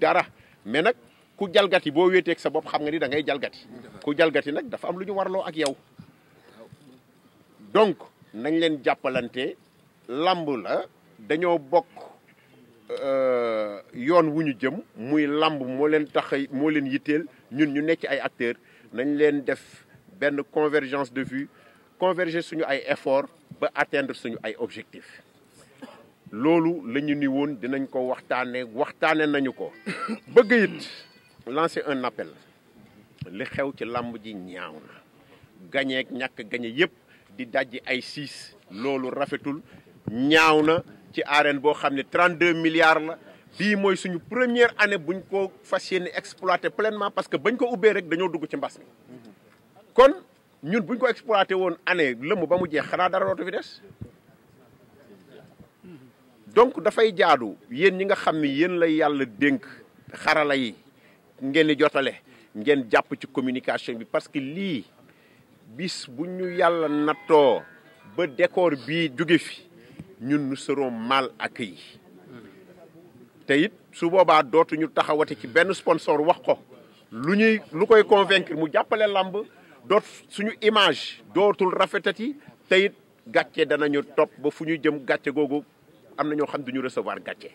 dara mais nag ku jalgati boo wéeteeg sa bopp xam nga ni da ngay jalgati ku jalgati nag dafa am lu ñu warloo ak yow donc nañ leen jàppalante lamb la dañoo bokk euh, yoon wu ñu jëm muy lamb moo leen tax moo leen yitteel ñun ñu nekk ay acteurs nañ leen def benn convergence de vue converger suñu ay effort ba atteindre suñu ay objectifs loolu la ñu ni woon dinañ ko waxtaanee waxtaane nañu ko bëgg it lancer un appel li xew ci làmb ji ñaaw na gañeek ñàkk gañe yëpp di dajji ay siis loolu rafetul ñaaw na ci arène boo xam ne 32 milliards la bii mooy suñu première année buñ ko fas yéene exploité pleinement parce que bañ ko ubbee rek dañoo dugg ci mbas mi mhm. kon ñun buñ ko exploité woon année lëmm ba mu jeex xanaa dara dootu fi des donc dafay jaadu yéen ñi nga xam ni yéen la yàlla dénk xarala yi ngeen di jotale ngeen jàpp ci communication bi parce que lii bis bu ñu yàlla nattoo ba décor bii jóge fi ñun nous serons mal accueillis te it su boobaa dootuñu taxawati ci benn sponsor wax ko lu ñuy lu koy convaincre mu jàppale làmb doot suñu image dootul rafetati te it gàcce danañu topp ba fu ñu jëm gàcce googu am na ñoo xam duñu recevoir gàcce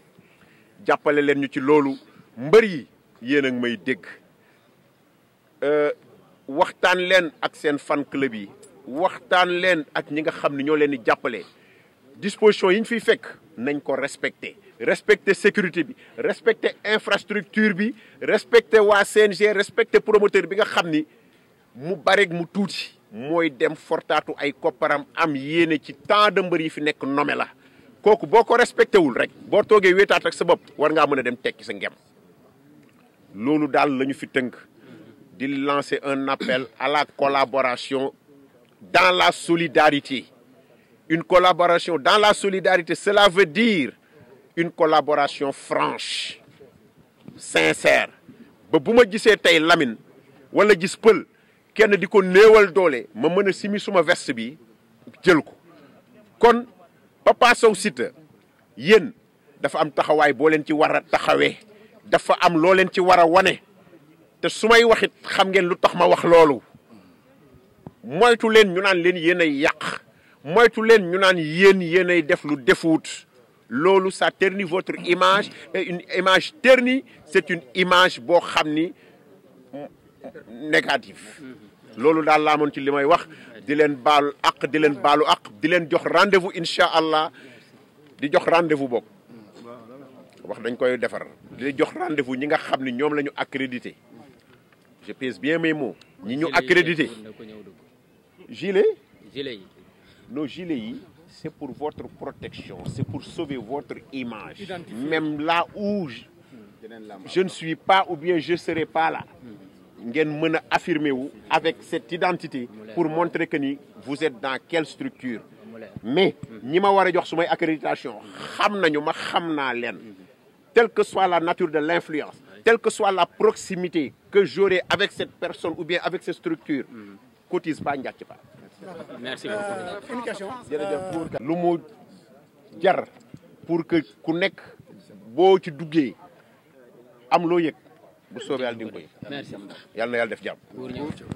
jàppale leen ñu ci loolu mbër yi yéen a ngi may dégg euh, waxtaan leen ak seen fan club yi waxtaan leen ak ñi nga xam ne ñoo leen di jàppale disposition yi ñu fiy fekk nañ ko respecté respecté sécurité bi respecté infrastructure bi respecté waa seen g respecté promoteur bi nga xam ni mu bareeg mu tuuti mooy dem fortaatu ay kopparam am yéene ci temps de mbër yi fi nekk nome la kooku boo ko respecté wul rek boo toogee wéetaat ak sa bopp war ngaa mën a dem tekki sa ngem loolu daal la ñu fi tënk di lancer un appel à la collaboration dans la solidarité une collaboration dans la solidarité cela veut dire une collaboration franche sincère ba bu ma gisee tey lamin wala gis pël kenn di ko néewal doole ma mën a simi suma vest bi jël ko kon Papa Sow Siteu yéen dafa am taxawaay boo leen ci war a taxawee dafa am loo leen ci war a wane te su may waxit xam ngeen lu tax ma wax loolu moytu leen ñu naan leen yéen ay yàq moytu leen ñu naan yéen yéen ay def lu defuut loolu ça ternit votre image une image ternie c'est une image boo xam ni négative loolu daal laa ci li may wax di leen baal ak di leen baalu ak di leen jox rendez-vous incha allah di jox rendez-vous boobu wax dañ koy defar di jox rendez-vous ñi nga xam ni ñoom la ñu accrédité je pèse bien mes mots ñi ñu accrédité gilet gilet yi nos gilets yi c'est pour votre protection c'est pour sauver votre image même là où je ne suis pas ou bien je serai pas là hmm. ngeen mën a affirmer wu avec cette identité pour montrer que ni vous êtes dans quelle structure mais ñi ma war a jox sumay accréditation xam nañu ma xam naa leen tel que soit la nature de l'influence telle que soit la proximité que j'aurai avec cette personne ou bien avec cette structure cotise pas njàcc pas merci euh, lu mu jar pour que ku nekk boo ci duggee am loo yëg bu soobee yàlla di nga yàlla na yàlla def jàmm